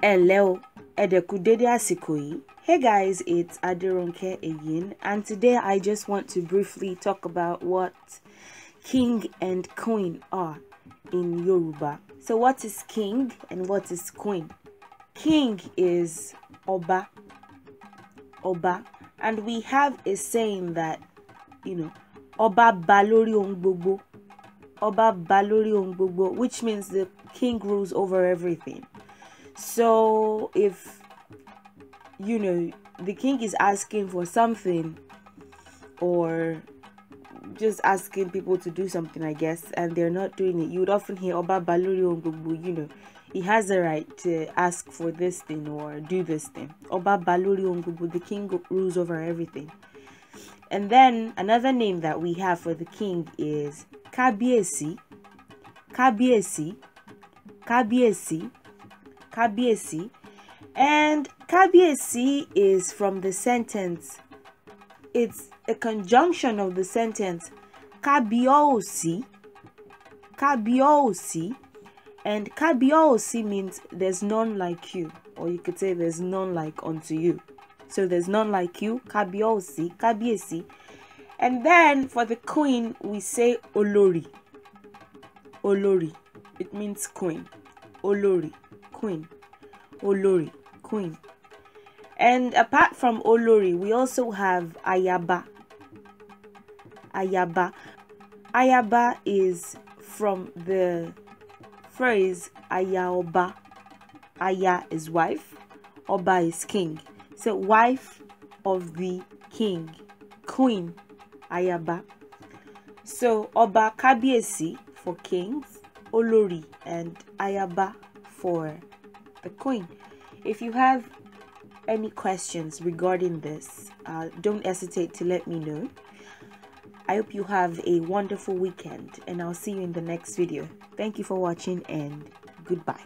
Hello, o ẹ hey guys it's Aderonke again, and today I just want to briefly talk about what king and queen are in Yoruba so what is king and what is queen king is ọba ọba and we have a saying that you know ọba ba lórí ọba ba lórí which means the king rules over everything so if you know the king is asking for something or just asking people to do something i guess and they're not doing it you would often hear ọba ba lórí you know he has a right to ask for this thing or do this thing. Oba Baluri Ongubu, the king rules over everything. And then another name that we have for the king is Kabiesi, Kabiesi, Kabiesi, Kabiesi. And Kabiesi is from the sentence, it's a conjunction of the sentence Kabiosi, Kabiosi, and Kabiosi means there's none like you, or you could say there's none like unto you. So there's none like you, Kabiosi, Kabiesi. And then for the queen, we say Olori. Olori. It means queen. Olori, queen. Olori, queen. And apart from Olori, we also have Ayaba. Ayaba. Ayaba is from the phrase aya oba. Aya is wife, oba is king. So wife of the king, queen, ayaba. So oba kabiesi for kings, olori and ayaba for the queen. If you have any questions regarding this, uh, don't hesitate to let me know. I hope you have a wonderful weekend and I'll see you in the next video. Thank you for watching and goodbye.